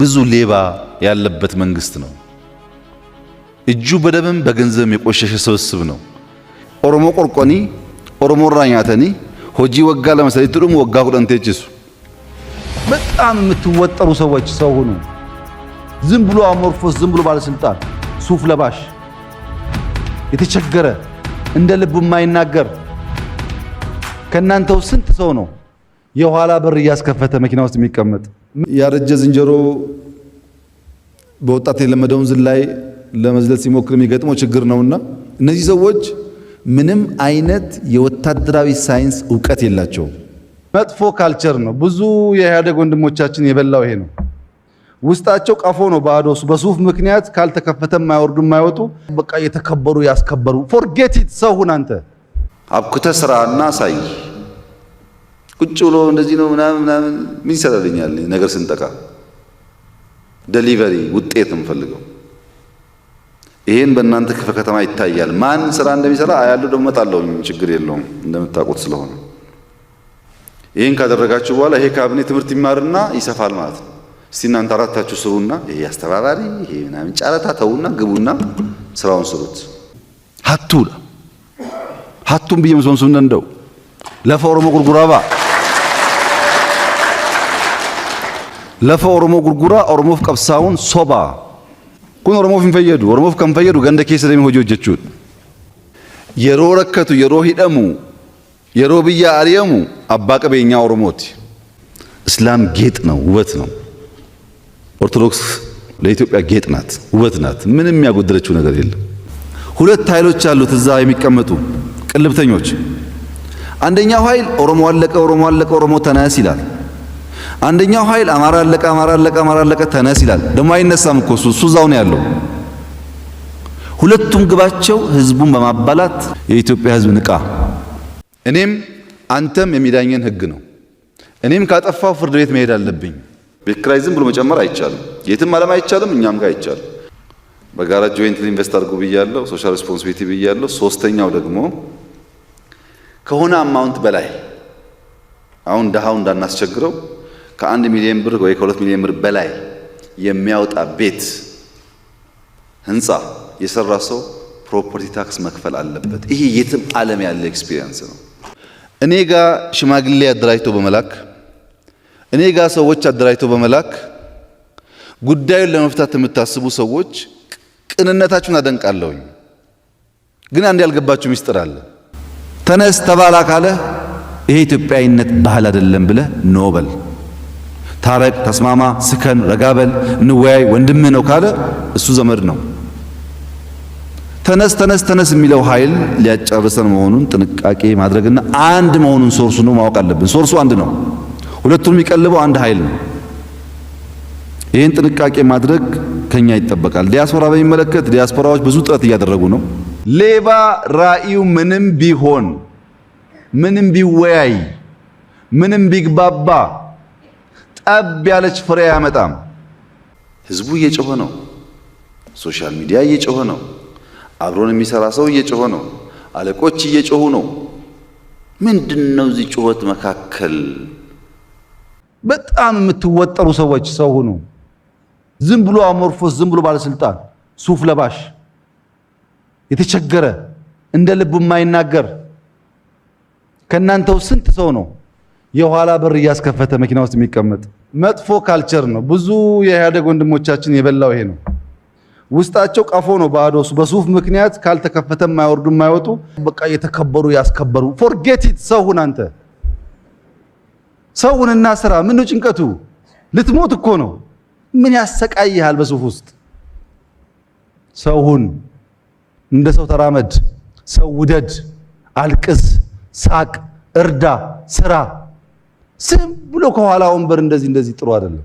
ብዙ ሌባ ያለበት መንግስት ነው። እጁ በደምም በገንዘብም የቆሸሸ ስብስብ ነው። ኦሮሞ ቆርቆኒ ኦሮሞ ራኛተኒ ሆጂ ወጋ ለመሰለ ጥሩም ወጋ ቁደንቴችሱ በጣም የምትወጠሩ ሰዎች ሰው ሁኑ። ዝም ብሎ አሞርፎስ፣ ዝም ብሎ ባለስልጣን፣ ሱፍ ለባሽ፣ የተቸገረ እንደ ልቡ የማይናገር ከእናንተው ስንት ሰው ነው የኋላ በር እያስከፈተ መኪና ውስጥ የሚቀመጥ? ያረጀ ዝንጀሮ በወጣት የለመደውን ዝላይ ለመዝለል ሲሞክር የሚገጥመው ችግር ነውና እነዚህ ሰዎች ምንም አይነት የወታደራዊ ሳይንስ እውቀት የላቸውም። መጥፎ ካልቸር ነው። ብዙ የኢህአደግ ወንድሞቻችን የበላው ይሄ ነው። ውስጣቸው ቀፎ ነው። ባዶ በሱፍ ምክንያት ካልተከፈተ የማይወርዱ የማይወጡ በቃ የተከበሩ ያስከበሩ ፎርጌቲት ሰው ሁን አንተ አብኩተ ስራና ሳይ ቁጭ ብሎ እንደዚህ ነው ምናምን ምናምን ምን ይሰራልኛል? ነገር ስንጠቃ ደሊቨሪ ውጤት ነው የምፈልገው። ይሄን በእናንተ ክፍለ ከተማ ይታያል። ማን ስራ እንደሚሰራ አያለሁ፣ ደግሞ እመጣለሁ። ችግር የለውም እንደምታውቁት ስለሆነ ይህን ካደረጋችሁ በኋላ ይሄ ካቢኔ ትምህርት ይማርና ይሰፋል ማለት ነው። እስቲ እናንተ አራታችሁ ስሩና ይሄ አስተባባሪ ይሄ ምናምን ጨረታ ተውና ግቡና ስራውን ስሩት። ሀቱ ሀቱም ብዬ መስሎን እንደው ጉርጉራባ lafa Oromoo gurguraa Oromoof qabsaa'uun sobaa kun Oromoof hin fayyadu Oromoof kan fayyadu ganda keessa deemee hojii hojjechuudha. Yeroo rakkatu yeroo hidhamu yeroo biyya ari'amu abbaa qabeenyaa Oromooti. Islaam ጌጥ ነው፣ ውበት ነው። ኦርቶዶክስ ለኢትዮጵያ ጌጥ ናት፣ ውበት ናት። ምንም ያጎደለችው ነገር የለም። ሁለት ኃይሎች አሉት እዛ የሚቀመጡ ቅልብተኞች። አንደኛው ኃይል ኦሮሞ አለቀ፣ ኦሮሞ አለቀ፣ ኦሮሞ ተነስ ይላል። አንደኛው ኃይል አማራ አለቀ፣ አማራ አለቀ፣ አማራ አለቀ ተነስ ይላል። ደግሞ አይነሳም እኮ እሱ እሱ እዛው ነው ያለው። ሁለቱም ግባቸው ህዝቡን በማባላት የኢትዮጵያ ህዝብ ንቃ፣ እኔም አንተም የሚዳኘን ህግ ነው፣ እኔም ካጠፋው ፍርድ ቤት መሄድ አለብኝ። ቤት ኪራይ ዝም ብሎ መጨመር አይቻልም፣ የትም ዓለም አይቻልም፣ እኛም ጋር አይቻልም። በጋራ ጆይንት ኢንቨስት አድርጉ ብያለሁ፣ ሶሻል ሪስፖንሲቢሊቲ ብያለሁ። ሶስተኛው ደግሞ ከሆነ አማውንት በላይ አሁን ድሃው እንዳናስቸግረው ከአንድ ሚሊዮን ብር ወይ ከሁለት ሚሊዮን ብር በላይ የሚያወጣ ቤት ህንፃ የሰራ ሰው ፕሮፐርቲ ታክስ መክፈል አለበት። ይሄ የትም ዓለም ያለ ኤክስፒሪየንስ ነው። እኔ ጋ ሽማግሌ አደራጅቶ በመላክ እኔ ጋ ሰዎች አደራጅቶ በመላክ ጉዳዩን ለመፍታት የምታስቡ ሰዎች ቅንነታችሁን አደንቃለሁኝ። ግን አንድ ያልገባችሁ ሚስጥር አለ። ተነስ ተባላ ካለ ይሄ ኢትዮጵያዊነት ባህል አይደለም ብለ ኖበል ታረቅ፣ ተስማማ፣ ስከን፣ ረጋበል፣ እንወያይ፣ ወንድምህ ነው ካለ እሱ ዘመድ ነው። ተነስ ተነስ ተነስ የሚለው ኃይል ሊያጨርሰን መሆኑን ጥንቃቄ ማድረግና አንድ መሆኑን ሶርሱ ነው ማወቅ አለብን። ሶርሱ አንድ ነው። ሁለቱም የሚቀልበው አንድ ኃይል ነው። ይህን ጥንቃቄ ማድረግ ከኛ ይጠበቃል። ዲያስፖራ በሚመለከት ዲያስፖራዎች ብዙ ጥረት እያደረጉ ነው። ሌባ ራእዩ ምንም ቢሆን ምንም ቢወያይ ምንም ቢግባባ ጠብ ያለች ፍሬ አያመጣም። ህዝቡ እየጮኸ ነው። ሶሻል ሚዲያ እየጮኸ ነው። አብሮን የሚሰራ ሰው እየጮኸ ነው። አለቆች እየጮኹ ነው። ምንድን ነው እዚህ ጩኸት መካከል በጣም የምትወጠሩ ሰዎች ሰው ሁኑ። ዝም ብሎ አሞርፎስ፣ ዝም ብሎ ባለስልጣን፣ ሱፍ ለባሽ፣ የተቸገረ እንደ ልቡ የማይናገር ከእናንተው ስንት ሰው ነው የኋላ በር እያስከፈተ መኪና ውስጥ የሚቀመጥ? መጥፎ ካልቸር ነው። ብዙ የኢህአደግ ወንድሞቻችን የበላው ይሄ ነው። ውስጣቸው ቀፎ ነው ባዶ። በሱፍ ምክንያት ካልተከፈተ የማይወርዱ የማይወጡ በቃ የተከበሩ ያስከበሩ። ፎርጌት ኢት ሰውን አንተ ሰውንና ስራ ምን ነው ጭንቀቱ? ልትሞት እኮ ነው። ምን ያሰቃይሃል? በሱፍ ውስጥ ሰውን እንደ ሰው ተራመድ፣ ሰው ውደድ፣ አልቅስ፣ ሳቅ፣ እርዳ፣ ስራ ስም ብሎ ከኋላ ወንበር እንደዚህ እንደዚህ ጥሩ አይደለም።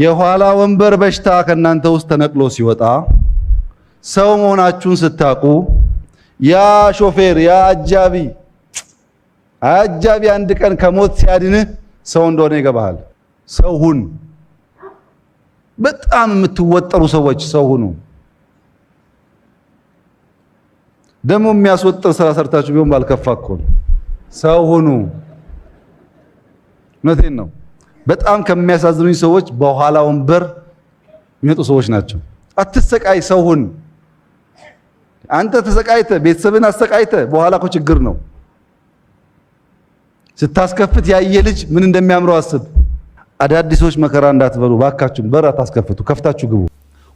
የኋላ ወንበር በሽታ ከእናንተ ውስጥ ተነቅሎ ሲወጣ ሰው መሆናችሁን ስታቁ ያ ሾፌር ያ አጃቢ አጃቢ አንድ ቀን ከሞት ሲያድንህ ሰው እንደሆነ ይገባሃል። ሰው ሁን። በጣም የምትወጠሩ ሰዎች ሰው ሁኑ። ደግሞ የሚያስወጥር ስራ ሰርታችሁ ቢሆን ባልከፋ እኮ ነው። ሰው ሁኑ። እውነቴን ነው። በጣም ከሚያሳዝኑኝ ሰዎች በኋላ ወንበር የሚመጡ ሰዎች ናቸው። አትሰቃይ ሰው ሁን። አንተ ተሰቃይተ ቤተሰብን አሰቃይተ በኋላ እኮ ችግር ነው። ስታስከፍት ያየ ልጅ ምን እንደሚያምረው አስብ። አዳዲሶች መከራ እንዳትበሉ ባካችሁ፣ በር አታስከፍቱ፣ ከፍታችሁ ግቡ።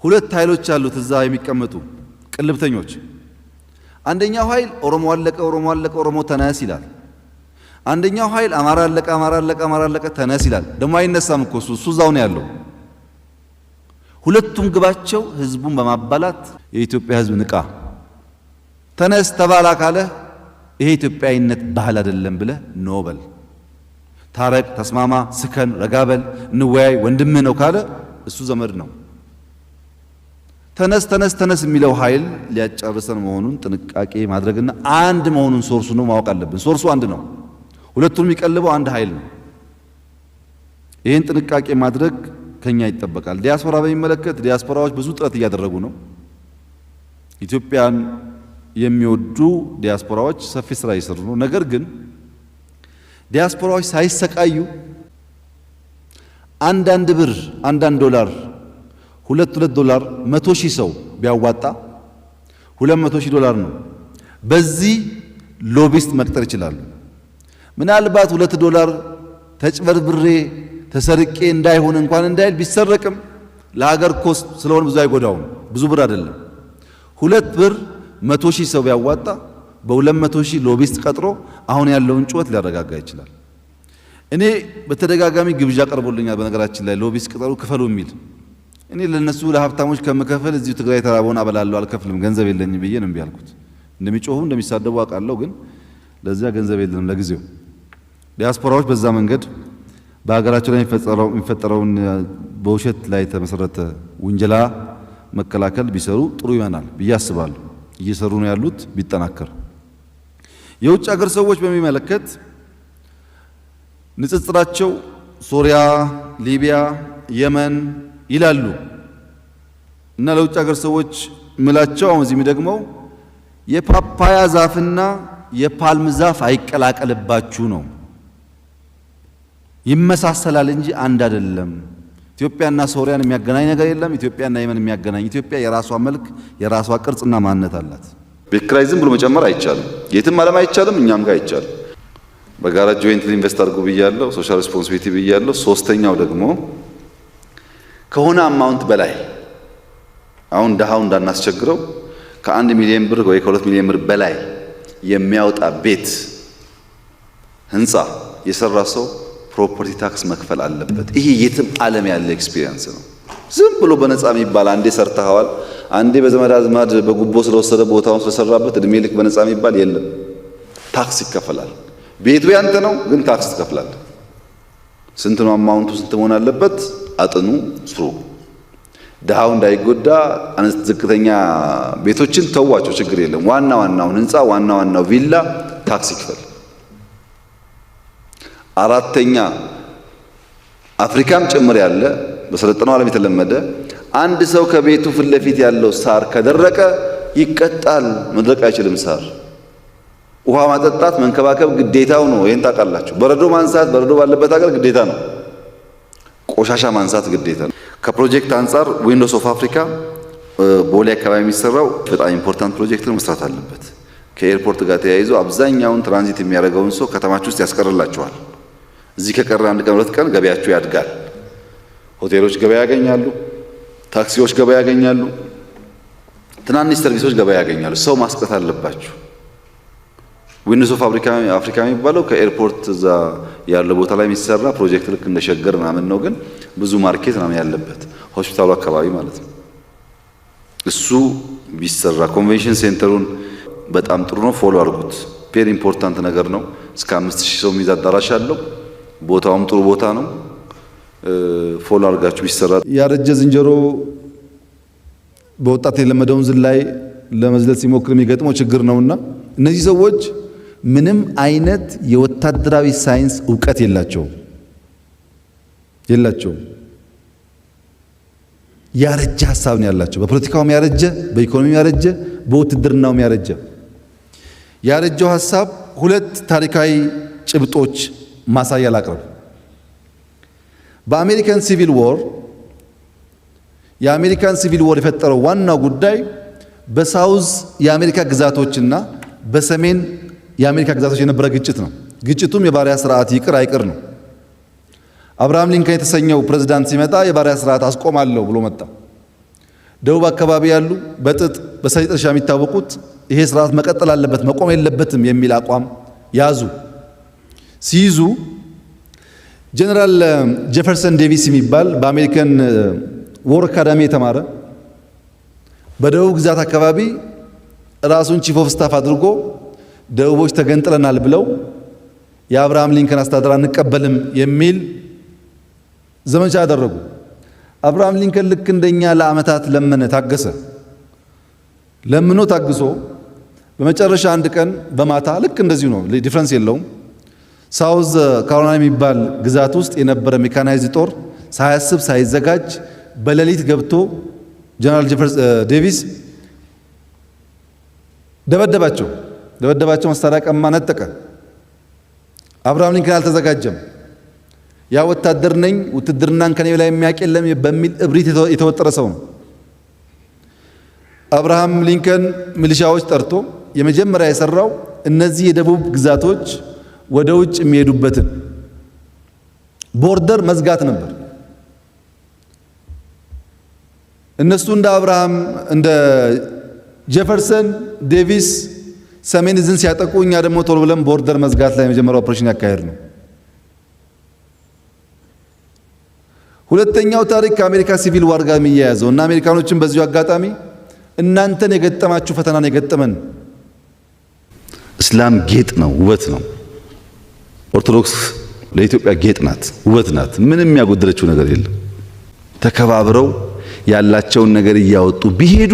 ሁለት ኃይሎች አሉት እዛ የሚቀመጡ ቅልብተኞች። አንደኛው ኃይል ኦሮሞ አለቀ፣ ኦሮሞ አለቀ፣ ኦሮሞ ተነስ ይላል። አንደኛው ኃይል አማራ አለቀ፣ አማራ አለቀ፣ አማራ አለቀ ተነስ ይላል። ደግሞ አይነሳም እኮ እሱ እዛው ነው ያለው። ሁለቱም ግባቸው ህዝቡን በማባላት የኢትዮጵያ ህዝብ ንቃ፣ ተነስ ተባላ ካለ ይሄ ኢትዮጵያዊነት ባህል አይደለም ብለ ኖበል ታረቅ፣ ተስማማ፣ ስከን፣ ረጋበል፣ እንወያይ፣ ወንድምህ ነው ካለ እሱ ዘመድ ነው። ተነስ ተነስ ተነስ የሚለው ኃይል ሊያጨርሰን መሆኑን ጥንቃቄ ማድረግና አንድ መሆኑን ሶርሱ ነው ማወቅ አለብን። ሶርሱ አንድ ነው። ሁለቱን የሚቀልበው አንድ ኃይል ነው። ይህን ጥንቃቄ ማድረግ ከኛ ይጠበቃል። ዲያስፖራ በሚመለከት ዲያስፖራዎች ብዙ ጥረት እያደረጉ ነው። ኢትዮጵያን የሚወዱ ዲያስፖራዎች ሰፊ ስራ እየሰሩ ነው። ነገር ግን ዲያስፖራዎች ሳይሰቃዩ አንዳንድ ብር፣ አንዳንድ ዶላር፣ ሁለት ሁለት ዶላር መቶ ሺህ ሰው ቢያዋጣ ሁለት መቶ ሺህ ዶላር ነው። በዚህ ሎቢስት መቅጠር ይችላሉ። ምናልባት ሁለት ዶላር ተጭበርብሬ ተሰርቄ እንዳይሆን እንኳን እንዳይል ቢሰረቅም ለሀገር ኮስ ስለሆነ ብዙ አይጎዳውም። ብዙ ብር አይደለም። ሁለት ብር መቶ ሺህ ሰው ቢያዋጣ በሁለት መቶ ሺህ ሎቢስት ቀጥሮ አሁን ያለውን ጩኸት ሊያረጋጋ ይችላል። እኔ በተደጋጋሚ ግብዣ ቀርቦልኛል። በነገራችን ላይ ሎቢስት ቅጠሩ ክፈሉ የሚል እኔ ለነሱ ለሀብታሞች ከምከፍል እዚሁ ትግራይ ተራበውን አበላለሁ አልከፍልም፣ ገንዘብ የለኝም ብዬ ነው ቢያልኩት ያልኩት። እንደሚጮሁም እንደሚሳደቡ አውቃለሁ፣ ግን ለዚያ ገንዘብ የለንም ለጊዜው ዲያስፖራዎች በዛ መንገድ በሀገራቸው ላይ የሚፈጠረውን በውሸት ላይ የተመሰረተ ውንጀላ መከላከል ቢሰሩ ጥሩ ይሆናል ብዬ አስባለሁ። እየሰሩ ነው ያሉት፣ ቢጠናከር። የውጭ ሀገር ሰዎች በሚመለከት ንጽጽራቸው ሶሪያ፣ ሊቢያ፣ የመን ይላሉ እና ለውጭ ሀገር ሰዎች ምላቸው አሁን እዚህ የሚደግመው የፓፓያ ዛፍና የፓልም ዛፍ አይቀላቀልባችሁ ነው። ይመሳሰላል እንጂ አንድ አይደለም። ኢትዮጵያና ሶሪያን የሚያገናኝ ነገር የለም። ኢትዮጵያና የመን የሚያገናኝ ኢትዮጵያ የራሷ መልክ የራሷ ቅርጽና ማንነት አላት። ቤት ዝም ብሎ መጨመር አይቻልም። የትም ዓለም አይቻልም፣ እኛም ጋር አይቻልም። በጋራ ጆይንት ኢንቨስት አድርጉ ብያለሁ፣ ሶሻል ሪስፖንሲቢሊቲ ብያለሁ። ሶስተኛው ደግሞ ከሆነ አማውንት በላይ አሁን ድሃው እንዳናስቸግረው ከአንድ ሚሊዮን ብር ወይ ከሁለት ሚሊዮን ብር በላይ የሚያወጣ ቤት ህንፃ የሰራ ሰው ፕሮፐርቲ ታክስ መክፈል አለበት። ይሄ የትም ዓለም ያለ ኤክስፒሪየንስ ነው። ዝም ብሎ በነፃ የሚባል አንዴ ሰርተኸዋል፣ አንዴ በዘመድ አዝማድ በጉቦ ስለወሰደ ቦታውን ስለሰራበት እድሜ ልክ በነፃ የሚባል የለም። ታክስ ይከፈላል። ቤቱ ያንተ ነው፣ ግን ታክስ ትከፍላል ስንት ነው አማውንቱ? ስንት መሆን አለበት? አጥኑ ስሩ። ድሃው እንዳይጎዳ ዝቅተኛ ቤቶችን ተዋቸው፣ ችግር የለም። ዋና ዋናውን ህንፃ ዋና ዋናው ቪላ ታክስ ይክፈል። አራተኛ አፍሪካም ጭምር ያለ በሰለጠነው ዓለም የተለመደ አንድ ሰው ከቤቱ ፊት ለፊት ያለው ሳር ከደረቀ ይቀጣል። መድረቅ አይችልም ሳር። ውሃ ማጠጣት መንከባከብ ግዴታው ነው። ይህን ታውቃላችሁ። በረዶ ማንሳት በረዶ ባለበት ሀገር ግዴታ ነው። ቆሻሻ ማንሳት ግዴታ ነው። ከፕሮጀክት አንጻር ዊንዶስ ኦፍ አፍሪካ ቦሌ አካባቢ የሚሰራው በጣም ኢምፖርታንት ፕሮጀክት ነው። መስራት አለበት። ከኤርፖርት ጋር ተያይዞ አብዛኛውን ትራንዚት የሚያደርገውን ሰው ከተማች ውስጥ ያስቀርላቸዋል። እዚህ ከቀረ አንድ ቀን ሁለት ቀን ገበያቸው ያድጋል። ሆቴሎች ገበያ ያገኛሉ፣ ታክሲዎች ገበያ ያገኛሉ፣ ትናንሽ ሰርቪሶች ገበያ ያገኛሉ። ሰው ማስቀት አለባችሁ። ዊንስ ኦፍ አፍሪካ የሚባለው ከኤርፖርት እዛ ያለው ቦታ ላይ የሚሰራ ፕሮጀክት ልክ እንደሸገር ምናምን ነው፣ ግን ብዙ ማርኬት ምናምን ያለበት ሆስፒታሉ አካባቢ ማለት ነው። እሱ ቢሰራ ኮንቬንሽን ሴንተሩን በጣም ጥሩ ነው። ፎሎ አድርጉት። ፔር ኢምፖርታንት ነገር ነው። እስከ አምስት ሺህ ሰው የሚይዝ አዳራሽ አለው። ቦታውም ጥሩ ቦታ ነው። ፎሎ አድርጋችሁ ቢሰራ ያረጀ ዝንጀሮ በወጣት የለመደውን ዝላይ ለመዝለል ሲሞክር የሚገጥመው ችግር ነውና እነዚህ ሰዎች ምንም አይነት የወታደራዊ ሳይንስ እውቀት የላቸውም የላቸውም። ያረጀ ሀሳብ ነው ያላቸው። በፖለቲካውም ያረጀ፣ በኢኮኖሚም ያረጀ፣ በውትድርናውም ያረጀ። ያረጀው ሀሳብ ሁለት ታሪካዊ ጭብጦች ማሳያ ላቅርብ። በአሜሪካን ሲቪል ዎር የአሜሪካን ሲቪል ዎር የፈጠረው ዋናው ጉዳይ በሳውዝ የአሜሪካ ግዛቶችና በሰሜን የአሜሪካ ግዛቶች የነበረ ግጭት ነው። ግጭቱም የባሪያ ስርዓት ይቅር አይቅር ነው። አብርሃም ሊንከን የተሰኘው ፕሬዝዳንት ሲመጣ የባሪያ ስርዓት አስቆማለሁ ብሎ መጣ። ደቡብ አካባቢ ያሉ በጥጥ በሰሊጥ እርሻ የሚታወቁት ይሄ ስርዓት መቀጠል አለበት መቆም የለበትም የሚል አቋም ያዙ። ሲይዙ ጀነራል ጀፈርሰን ዴቪስ የሚባል በአሜሪካን ወር አካዳሚ የተማረ በደቡብ ግዛት አካባቢ ራሱን ቺፍ ኦፍ ስታፍ አድርጎ ደቡቦች ተገንጥለናል ብለው የአብርሃም ሊንከን አስተዳደር አንቀበልም የሚል ዘመቻ አደረጉ። አብርሃም ሊንከን ልክ እንደኛ ለአመታት ለመነ፣ ታገሰ። ለምኖ ታግሶ በመጨረሻ አንድ ቀን በማታ ልክ እንደዚሁ ነው፣ ዲፍረንስ የለውም ሳውዝ ካሮላይና የሚባል ግዛት ውስጥ የነበረ ሜካናይዝ ጦር ሳያስብ ሳይዘጋጅ በሌሊት ገብቶ ጀነራል ጄፈርስ ዴቪስ ደበደባቸው። ደበደባቸው፣ መሳሪያ ቀማ፣ ነጠቀ። አብርሃም ሊንከን አልተዘጋጀም። ያ ወታደር ነኝ ውትድርናን ከኔ ላይ የሚያውቅ የለም በሚል እብሪት የተወጠረ ሰው ነው። አብርሃም ሊንከን ሚሊሻዎች ጠርቶ የመጀመሪያ የሰራው እነዚህ የደቡብ ግዛቶች ወደ ውጭ የሚሄዱበትን ቦርደር መዝጋት ነበር። እነሱ እንደ አብርሃም እንደ ጄፈርሰን ዴቪስ ሰሜን እዝን ሲያጠቁ፣ እኛ ደግሞ ቶሎ ብለን ቦርደር መዝጋት ላይ የመጀመሪያው ኦፕሬሽን ያካሄድ ነው። ሁለተኛው ታሪክ ከአሜሪካ ሲቪል ዋር ጋር የሚያያዘው እና አሜሪካኖችን በዚሁ አጋጣሚ እናንተን የገጠማችሁ ፈተናን የገጠመን እስላም ጌጥ ነው፣ ውበት ነው። ኦርቶዶክስ ለኢትዮጵያ ጌጥ ናት፣ ውበት ናት። ምንም ያጎደለችው ነገር የለም። ተከባብረው ያላቸውን ነገር እያወጡ ቢሄዱ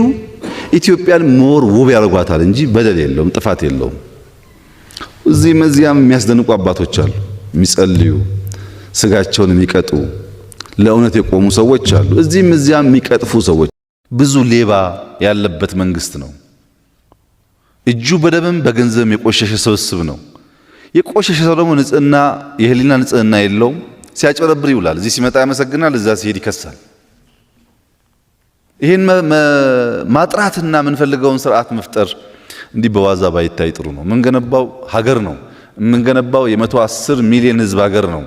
ኢትዮጵያን ሞር ውብ ያደርጓታል እንጂ በደል የለውም፣ ጥፋት የለውም። እዚህም እዚያም የሚያስደንቁ አባቶች አሉ፣ የሚጸልዩ ስጋቸውን የሚቀጡ ለእውነት የቆሙ ሰዎች አሉ። እዚህም እዚያም የሚቀጥፉ ሰዎች ብዙ ሌባ ያለበት መንግስት ነው። እጁ በደምም በገንዘብም የቆሸሸ ስብስብ ነው። የቆሸሸ ሰው ደግሞ ንጽህና የህሊና ንጽህና የለውም። ሲያጭበረብር ይውላል። እዚህ ሲመጣ ያመሰግናል፣ እዛ ሲሄድ ይከሳል። ይህን ማጥራትና የምንፈልገውን ስርዓት መፍጠር እንዲህ በዋዛ ባይታይ ጥሩ ነው። የምንገነባው ሀገር ነው የምንገነባው የመቶ አስር ሚሊዮን ህዝብ ሀገር ነው።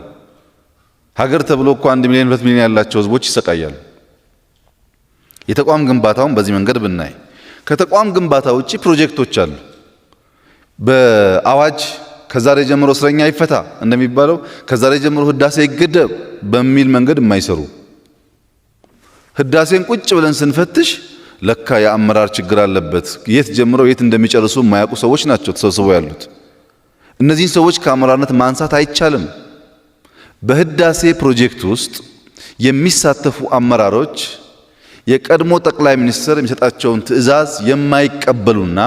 ሀገር ተብሎ እኮ አንድ ሚሊዮን ሁለት ሚሊዮን ያላቸው ህዝቦች ይሰቃያሉ። የተቋም ግንባታውን በዚህ መንገድ ብናይ ከተቋም ግንባታ ውጪ ፕሮጀክቶች አሉ በአዋጅ ከዛሬ ጀምሮ እስረኛ ይፈታ እንደሚባለው ከዛሬ ጀምሮ ህዳሴ ይገደብ በሚል መንገድ የማይሰሩ ህዳሴን ቁጭ ብለን ስንፈትሽ ለካ የአመራር ችግር አለበት። የት ጀምረው የት እንደሚጨርሱ የማያውቁ ሰዎች ናቸው ተሰብስበው ያሉት። እነዚህን ሰዎች ከአመራርነት ማንሳት አይቻልም። በህዳሴ ፕሮጀክት ውስጥ የሚሳተፉ አመራሮች የቀድሞ ጠቅላይ ሚኒስትር የሚሰጣቸውን ትዕዛዝ የማይቀበሉና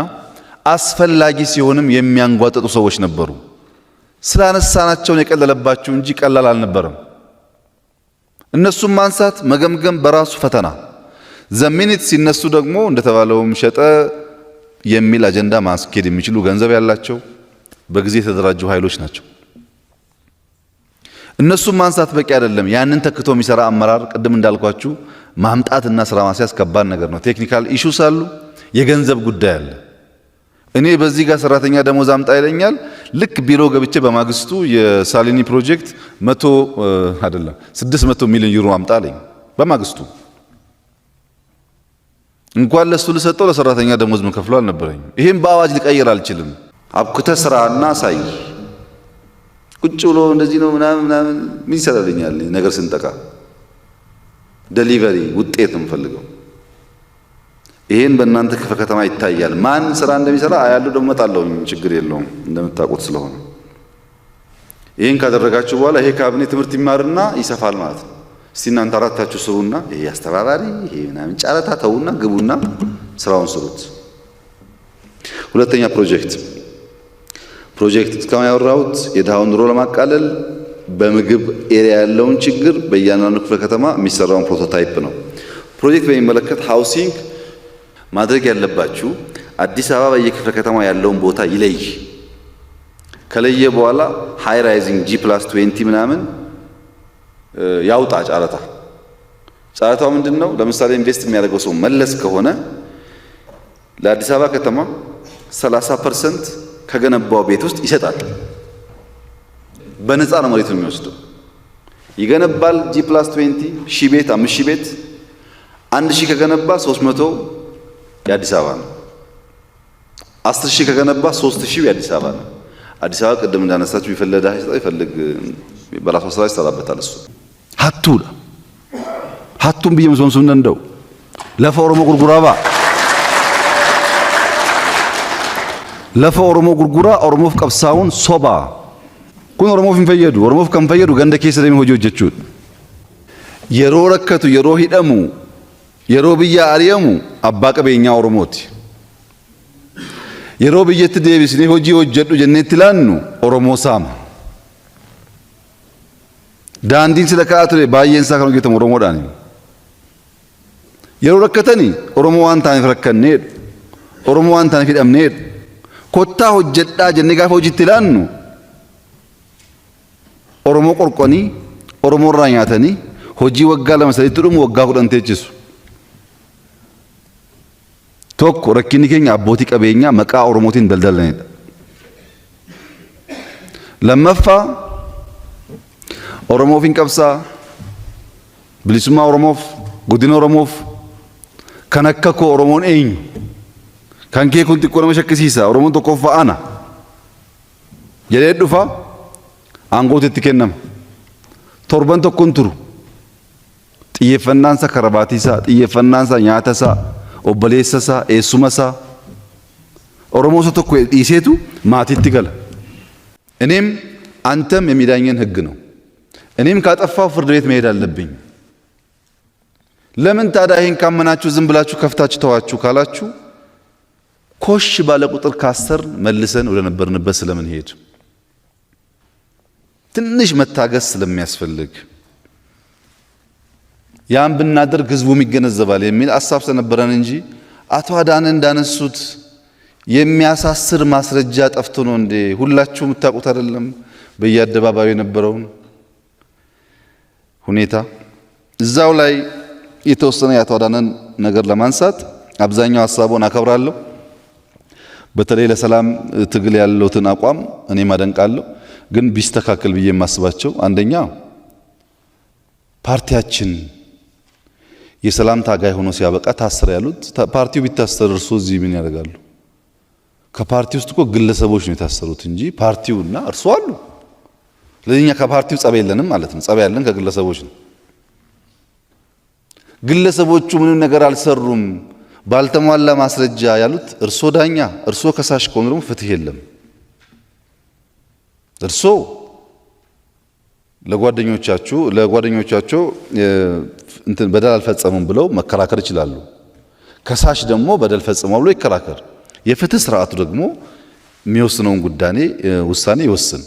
አስፈላጊ ሲሆንም የሚያንጓጠጡ ሰዎች ነበሩ። ስላነሳናቸውን የቀለለባቸው እንጂ ቀላል አልነበረም። እነሱም ማንሳት መገምገም በራሱ ፈተና ዘሚኒት ሲነሱ ደግሞ እንደተባለውም ሸጠ የሚል አጀንዳ ማስኬድ የሚችሉ ገንዘብ ያላቸው በጊዜ የተደራጁ ኃይሎች ናቸው። እነሱም ማንሳት በቂ አይደለም። ያንን ተክቶ የሚሰራ አመራር ቅድም እንዳልኳችሁ ማምጣትና ስራ ማስያዝ ከባድ ነገር ነው። ቴክኒካል ኢሹስ አሉ። የገንዘብ ጉዳይ አለ። እኔ በዚህ ጋር ሰራተኛ ደሞዝ አምጣ ይለኛል። ልክ ቢሮ ገብቼ በማግስቱ የሳሊኒ ፕሮጀክት መቶ አይደለም ስድስት መቶ ሚሊዮን ዩሮ አምጣ አለኝ በማግስቱ። እንኳን ለሱ ልሰጠው ለሰራተኛ ደሞዝ መከፍሎ አልነበረኝ። ይህም በአዋጅ ሊቀይር አልችልም። አብኩተ ስራና ሳይ ቁጭ ብሎ እንደዚህ ነው ምናምን ምናምን ምን ይሰራልኛል? ነገር ስንጠቃ ዴሊቨሪ ውጤት ነው የምፈልገው። ይህን በእናንተ ክፍለ ከተማ ይታያል። ማን ስራ እንደሚሰራ አያለሁ፣ ደግሞ እመጣለሁ። ችግር የለውም እንደምታውቁት ስለሆነ ይህን ካደረጋችሁ በኋላ ይሄ ካቢኔ ትምህርት ይማርና ይሰፋል ማለት ነው። እስቲ እናንተ አራታችሁ ስሩና ይሄ አስተባባሪ ይሄ ምናምን ጨረታ ተዉና ግቡና ስራውን ስሩት። ሁለተኛ ፕሮጀክት ፕሮጀክት እስካሁን ያወራሁት የድሃውን ኑሮ ለማቃለል በምግብ ኤሪያ ያለውን ችግር በእያንዳንዱ ክፍለ ከተማ የሚሰራውን ፕሮቶታይፕ ነው። ፕሮጀክት በሚመለከት ሃውሲንግ ማድረግ ያለባችሁ አዲስ አበባ በየክፍለ ከተማ ያለውን ቦታ ይለይ። ከለየ በኋላ ሃይ ራይዚንግ ጂ ፕላስ 20 ምናምን ያውጣ ጨረታ። ጨረታው ምንድን ነው? ለምሳሌ ኢንቨስት የሚያደርገው ሰው መለስ ከሆነ ለአዲስ አበባ ከተማ 30 ፐርሰንት ከገነባው ቤት ውስጥ ይሰጣል። በነፃ ነው መሬት የሚወስደው። ይገነባል ጂ ፕላስ 20 ሺ ቤት፣ አምስት ሺ ቤት፣ አንድ ሺ ከገነባ 300 የአዲስ አበባ ነው። አስር ሺህ ከገነባ ሶስት ሺህ የአዲስ አበባ ነው። አዲስ አበባ ቅድም እንዳነሳችሁ ይፈልግ ይፈልግ በራሷ ስራ ይሰራበታል። እሱ ሀቱ ሀቱን ብዬ መስመም ስምነ እንደው ለፈ ኦሮሞ ጉርጉራባ ለፈ ኦሮሞ ጉርጉራ ኦሮሞፍ ቀብሳውን ሶባ ኩን ኦሮሞፍ ንፈየዱ ኦሮሞፍ ከንፈየዱ ገንደ fayyadu ደሚ ሆጆ deemee hojii hojjechuudha yeroo rakkatu yeroo biyya ari'amu abbaa qabeenyaa Oromooti. Yeroo biyyatti deebisnee hojii hojjedhu jenneetti laannu Oromoo saama. Daandiin sadaka'aa ture baay'een isaa kan hojjetamu Oromoodhaani. Yeroo rakkatanii Oromoo waan taaneef rakkanneedha. Oromoo waan taaneef hidhamneedha. Kottaa hojjedhaa jennee gaafa hojiitti laannu Oromoo qorqanii Oromoo irraa nyaatanii hojii waggaa lama sadiitti dhumu waggaa kudhan teechisu. Tokko rakkinni keenya abbootii qabeenyaa maqaa Oromootiin daldalanidha. Lammaffaa Oromoof hin qabsaa, bilisummaa Oromoof, guddina Oromoof, kan akka koo Oromoon eenyu? Kan kee kun xiqqoo nama shakkisiisa, Oromoon tokkoffaa ana. Jedhee dhufa aangootti itti kennama. Torban tokkoon turu. Xiyyeeffannaan isaa karabaatii isaa, xiyyeeffannaan isaa nyaata obboleessa isaa, eessuma isaa Oromoo isa tokko dhiiseetu maatiitti gala. እኔም አንተም የሚዳኘን ህግ ነው። እኔም ካጠፋው ፍርድ ቤት መሄድ አለብኝ። ለምን ታዲያ ይህን ካመናችሁ ዝም ብላችሁ ከፍታችሁ ተዋችሁ ካላችሁ ኮሽ ባለ ቁጥር ካሰር መልሰን ወደ ነበርንበት ስለምንሄድ ትንሽ መታገስ ስለሚያስፈልግ ያን ብናደርግ ህዝቡም ይገነዘባል የሚል አሳብ ስለነበረን እንጂ አቶ አዳነ እንዳነሱት የሚያሳስር ማስረጃ ጠፍቶ ነው እንዴ? ሁላችሁ የምታውቁት አይደለም? በየአደባባዩ የነበረውን ሁኔታ እዛው ላይ የተወሰነ የአቶ አዳነን ነገር ለማንሳት አብዛኛው ሀሳቡን አከብራለሁ። በተለይ ለሰላም ትግል ያለውትን አቋም እኔም አደንቃለሁ። ግን ቢስተካከል ብዬ የማስባቸው አንደኛ ፓርቲያችን የሰላም ታጋይ ሆኖ ሲያበቃ ታስረ ያሉት ፓርቲው ቢታሰር እርሱ እዚህ ምን ያደርጋሉ? ከፓርቲ ውስጥ እኮ ግለሰቦች ነው የታሰሩት እንጂ ፓርቲውና እርሱ አሉ። ስለዚህ እኛ ከፓርቲው ጸብ የለንም ማለት ነው። ጸብ ያለን ከግለሰቦች ነው። ግለሰቦቹ ምንም ነገር አልሰሩም ባልተሟላ ማስረጃ ያሉት እርሶ ዳኛ፣ እርሶ ከሳሽ ከሆኑ ደግሞ ፍትህ የለም። እርሶ ለጓደኞቻችሁ ለጓደኞቻቸው እንትን በደል አልፈጸሙም ብለው መከራከር ይችላሉ። ከሳሽ ደግሞ በደል ፈጽሟል ብሎ ይከራከር። የፍትህ ስርዓቱ ደግሞ የሚወስነውን ጉዳኔ ውሳኔ ይወስን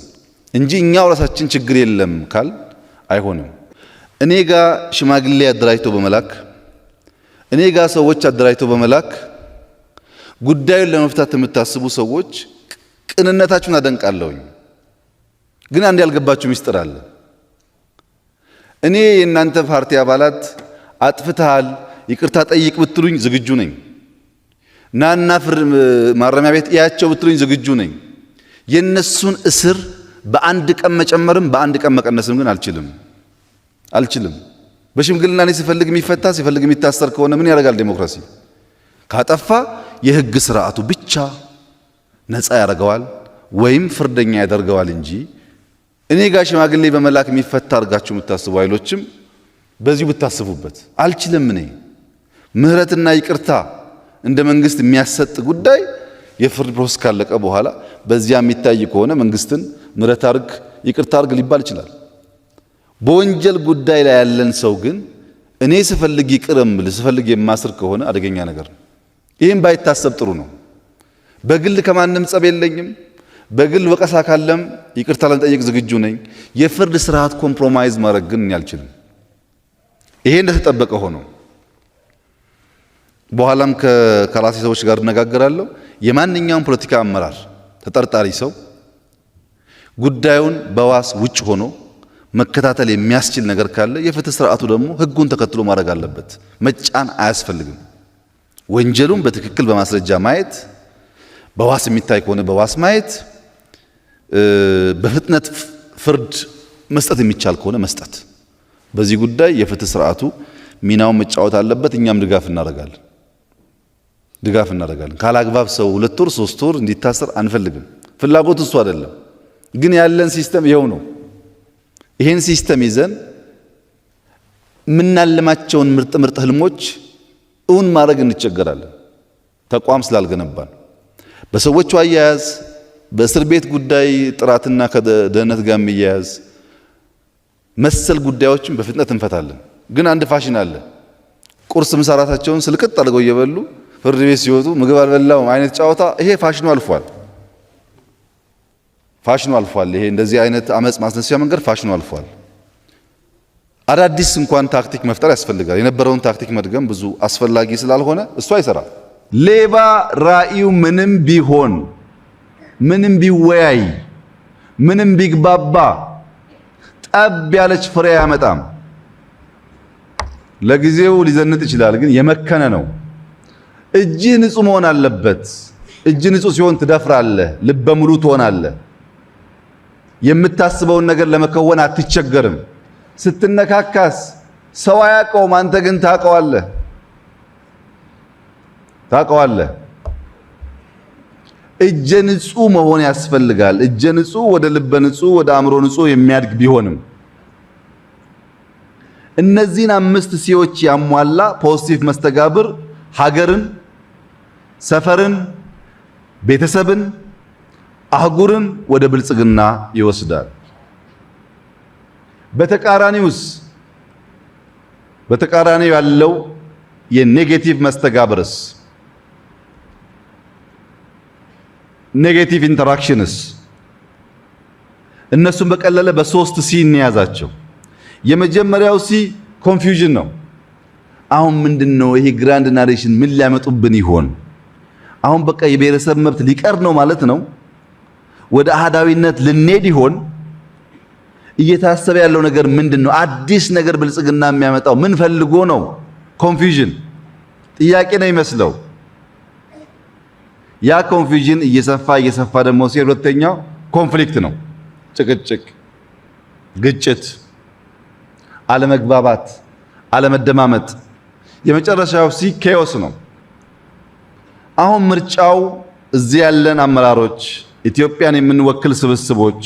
እንጂ እኛው ራሳችን ችግር የለም ካል አይሆንም። እኔ ጋ ሽማግሌ አደራጅቶ በመላክ እኔ ጋ ሰዎች አደራጅቶ በመላክ ጉዳዩን ለመፍታት የምታስቡ ሰዎች ቅንነታችሁን አደንቃለሁኝ። ግን አንድ ያልገባችሁ ሚስጥር አለ። እኔ የእናንተ ፓርቲ አባላት አጥፍተሃል ይቅርታ ጠይቅ ብትሉኝ ዝግጁ ነኝ። ናና ፍር ማረሚያ ቤት እያቸው ብትሉኝ ዝግጁ ነኝ። የነሱን እስር በአንድ ቀን መጨመርም በአንድ ቀን መቀነስም ግን አልችልም አልችልም። በሽምግልና እኔ ሲፈልግ የሚፈታ ሲፈልግ የሚታሰር ከሆነ ምን ያደርጋል? ዴሞክራሲ ካጠፋ የህግ ስርዓቱ ብቻ ነፃ ያደርገዋል ወይም ፍርደኛ ያደርገዋል እንጂ እኔ ጋር ሽማግሌ በመላክ የሚፈታ አድርጋችሁ የምታስቡ ኃይሎችም በዚሁ ብታስቡበት። አልችልም እኔ ምህረትና ይቅርታ እንደ መንግስት የሚያሰጥ ጉዳይ የፍርድ ፕሮሰስ ካለቀ በኋላ በዚያ የሚታይ ከሆነ መንግስትን ምህረት አርግ፣ ይቅርታ አርግ ሊባል ይችላል። በወንጀል ጉዳይ ላይ ያለን ሰው ግን እኔ ስፈልግ ይቅር እምል ስፈልግ የማስር ከሆነ አደገኛ ነገር ነው። ይህም ባይታሰብ ጥሩ ነው። በግል ከማንም ጸብ የለኝም። በግል ወቀሳ ካለም ይቅርታ ለመጠየቅ ዝግጁ ነኝ። የፍርድ ስርዓት ኮምፕሮማይዝ ማድረግ ግን አልችልም። ይሄ እንደተጠበቀ ሆኖ በኋላም ከራሴ ሰዎች ጋር እነጋገራለሁ። የማንኛውም ፖለቲካ አመራር ተጠርጣሪ ሰው ጉዳዩን በዋስ ውጭ ሆኖ መከታተል የሚያስችል ነገር ካለ የፍትህ ስርዓቱ ደግሞ ህጉን ተከትሎ ማድረግ አለበት። መጫን አያስፈልግም። ወንጀሉን በትክክል በማስረጃ ማየት፣ በዋስ የሚታይ ከሆነ በዋስ ማየት በፍጥነት ፍርድ መስጠት የሚቻል ከሆነ መስጠት። በዚህ ጉዳይ የፍትህ ስርዓቱ ሚናውን መጫወት አለበት። እኛም ድጋፍ እናደርጋለን ድጋፍ እናደርጋለን። ካላግባብ ሰው ሁለት ወር ሶስት ወር እንዲታሰር አንፈልግም። ፍላጎት እሱ አይደለም፣ ግን ያለን ሲስተም ይኸው ነው። ይሄን ሲስተም ይዘን የምናልማቸውን ምርጥ ምርጥ ህልሞች እውን ማድረግ እንቸገራለን፣ ተቋም ስላልገነባን በሰዎቹ አያያዝ በእስር ቤት ጉዳይ ጥራትና ከደህንነት ጋር የሚያያዝ መሰል ጉዳዮችን በፍጥነት እንፈታለን። ግን አንድ ፋሽን አለ። ቁርስ ምሳ ስልቅጥ አድርገው እየበሉ ፍርድ ቤት ሲወጡ ምግብ አልበላውም አይነት ጨዋታ፣ ይሄ ፋሽኑ አልፏል። ፋሽኑ አልፏል። ይሄ እንደዚህ አይነት አመፅ ማስነሻ መንገድ ፋሽኑ አልፏል። አዳዲስ እንኳን ታክቲክ መፍጠር ያስፈልጋል። የነበረውን ታክቲክ መድገም ብዙ አስፈላጊ ስላልሆነ እሱ አይሰራም። ሌባ ራእዩ ምንም ቢሆን ምንም ቢወያይ ምንም ቢግባባ ጠብ ያለች ፍሬ አያመጣም። ለጊዜው ሊዘንጥ ይችላል፣ ግን የመከነ ነው። እጅ ንጹህ መሆን አለበት። እጅ ንጹህ ሲሆን ትደፍራለህ፣ ልበ ሙሉ ትሆናለህ። የምታስበውን ነገር ለመከወን አትቸገርም። ስትነካካስ ሰው አያውቀውም፣ አንተ ግን ታውቀዋለህ ታውቀዋለህ። እጀ ንጹህ መሆን ያስፈልጋል። እጀ ንጹህ ወደ ልበ ንጹህ ወደ አእምሮ ንጹህ የሚያድግ ቢሆንም እነዚህን አምስት ሲዎች ያሟላ ፖዚቲቭ መስተጋብር ሀገርን፣ ሰፈርን፣ ቤተሰብን፣ አህጉርን ወደ ብልጽግና ይወስዳል። በተቃራኒውስ በተቃራኒው ያለው የኔጌቲቭ መስተጋብርስ ኔጌቲቭ ኢንተራክሽንስ እነሱን በቀለለ በሶስት ሲ እንያዛቸው። የመጀመሪያው ሲ ኮንፊውዥን ነው። አሁን ምንድነው ይሄ ግራንድ ናሬሽን ምን ሊያመጡብን ይሆን? አሁን በቃ የብሔረሰብ መብት ሊቀር ነው ማለት ነው። ወደ አህዳዊነት ልንሄድ ይሆን? እየታሰበ ያለው ነገር ምንድን ነው? አዲስ ነገር ብልጽግና የሚያመጣው ምን ፈልጎ ነው? ኮንፊውዥን ጥያቄ ነው ይመስለው። ያ ኮንፊውዥን እየሰፋ እየሰፋ ደግሞ ሲሄድ ሁለተኛው ኮንፍሊክት ነው፣ ጭቅጭቅ፣ ግጭት፣ አለመግባባት፣ አለመደማመጥ። የመጨረሻው ሲ ኬዮስ ነው። አሁን ምርጫው እዚህ ያለን አመራሮች፣ ኢትዮጵያን የምንወክል ስብስቦች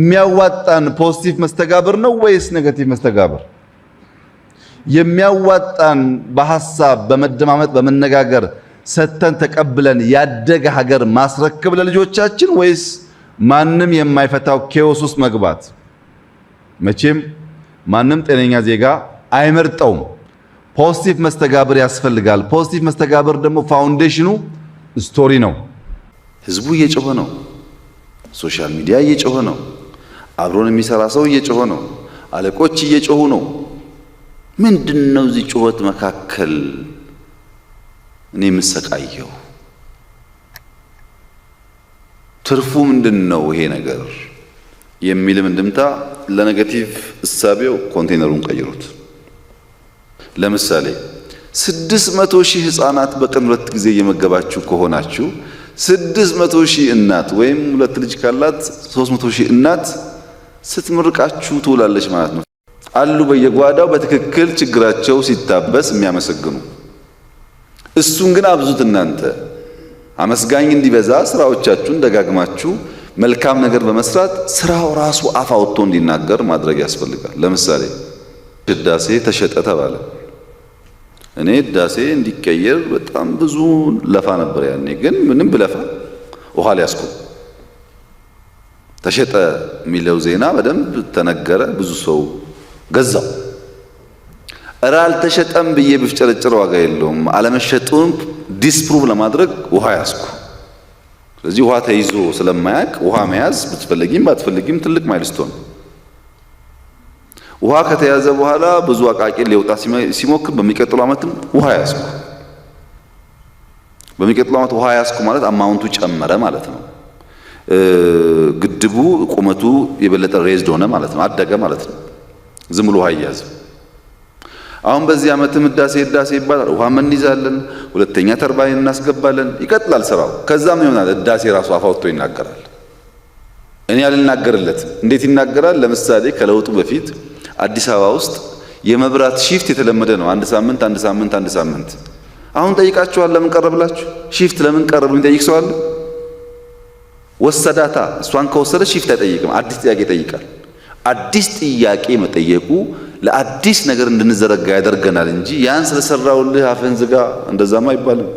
የሚያዋጣን ፖዚቲቭ መስተጋብር ነው ወይስ ኔጋቲቭ መስተጋብር? የሚያዋጣን በሀሳብ በመደማመጥ በመነጋገር ሰጥተን ተቀብለን ያደገ ሀገር ማስረከብ ለልጆቻችን ወይስ ማንም የማይፈታው ኬዎስ ውስጥ መግባት? መቼም ማንም ጤነኛ ዜጋ አይመርጠውም። ፖዚቲቭ መስተጋብር ያስፈልጋል። ፖዚቲቭ መስተጋብር ደግሞ ፋውንዴሽኑ ስቶሪ ነው። ህዝቡ እየጮኸ ነው። ሶሻል ሚዲያ እየጮኸ ነው። አብሮን የሚሰራ ሰው እየጮኸ ነው። አለቆች እየጮሁ ነው። ምንድን ነው እዚህ ጩኸት መካከል እኔ የምሰቃየው? ትርፉ ምንድን ነው ይሄ ነገር የሚልም እንድምታ ለኔጋቲቭ እሳቤው ኮንቴነሩን ቀይሩት። ለምሳሌ ስድስት መቶ ሺህ ህጻናት በጥምረት ጊዜ እየመገባችሁ ከሆናችሁ ስድስት መቶ ሺህ እናት ወይም ሁለት ልጅ ካላት ሶስት መቶ ሺህ እናት ስትምርቃችሁ ትውላለች ማለት ነው። አሉ በየጓዳው በትክክል ችግራቸው ሲታበስ የሚያመሰግኑ እሱን ግን አብዙት። እናንተ አመስጋኝ እንዲበዛ ስራዎቻችሁን ደጋግማችሁ መልካም ነገር በመስራት ስራው ራሱ አፍ አውጥቶ እንዲናገር ማድረግ ያስፈልጋል። ለምሳሌ ህዳሴ ተሸጠ ተባለ። እኔ ህዳሴ እንዲቀየር በጣም ብዙ ለፋ ነበር ያኔ። ግን ምንም ብለፋ ውሃ ሊያስቆም ተሸጠ የሚለው ዜና በደንብ ተነገረ። ብዙ ሰው ገዛው። እረ አልተሸጠም ብዬ ብፍጨረጭር ዋጋ የለውም። አለመሸጡን ዲስፕሩቭ ለማድረግ ውሃ ያዝኩ። ስለዚህ ውሃ ተይዞ ስለማያቅ ውሃ መያዝ ብትፈልጊም ባትፈልጊም ትልቅ ማይልስቶን ውሃ ከተያዘ በኋላ ብዙ አቃቂ ሊወጣ ሲሞክር በሚቀጥሉ ዓመትም ውሃ ያዝኩ። በሚቀጥሉ ዓመት ውሃ ያዝኩ ማለት አማውንቱ ጨመረ ማለት ነው። ግድቡ ቁመቱ የበለጠ ሬዝድ ሆነ ማለት ነው። አደገ ማለት ነው። ዝም ብሎ ውሃ እያዝም አሁን በዚህ ዓመትም ህዳሴ ህዳሴ ይባላል። ውሃም እንይዛለን፣ ሁለተኛ ተርባይን እናስገባለን። ይቀጥላል ስራው። ከዛም ይሆናል ህዳሴ ራሱ አፋውቶ ይናገራል። እኔ አልናገርለትም። እንዴት ይናገራል? ለምሳሌ ከለውጡ በፊት አዲስ አበባ ውስጥ የመብራት ሺፍት የተለመደ ነው። አንድ ሳምንት አንድ ሳምንት አንድ ሳምንት። አሁን ጠይቃችኋል? ለምን ቀረ ብላችሁ ሺፍት ለምን ቀረ ብሎ የሚጠይቅ ሰው አለ? ወሰዳታ እሷን ከወሰደ ሺፍት አይጠይቅም። አዲስ ጥያቄ ይጠይቃል። አዲስ ጥያቄ መጠየቁ ለአዲስ ነገር እንድንዘረጋ ያደርገናል እንጂ ያን ስለሰራውልህ አፈን ዝጋ እንደዛማ አይባልም።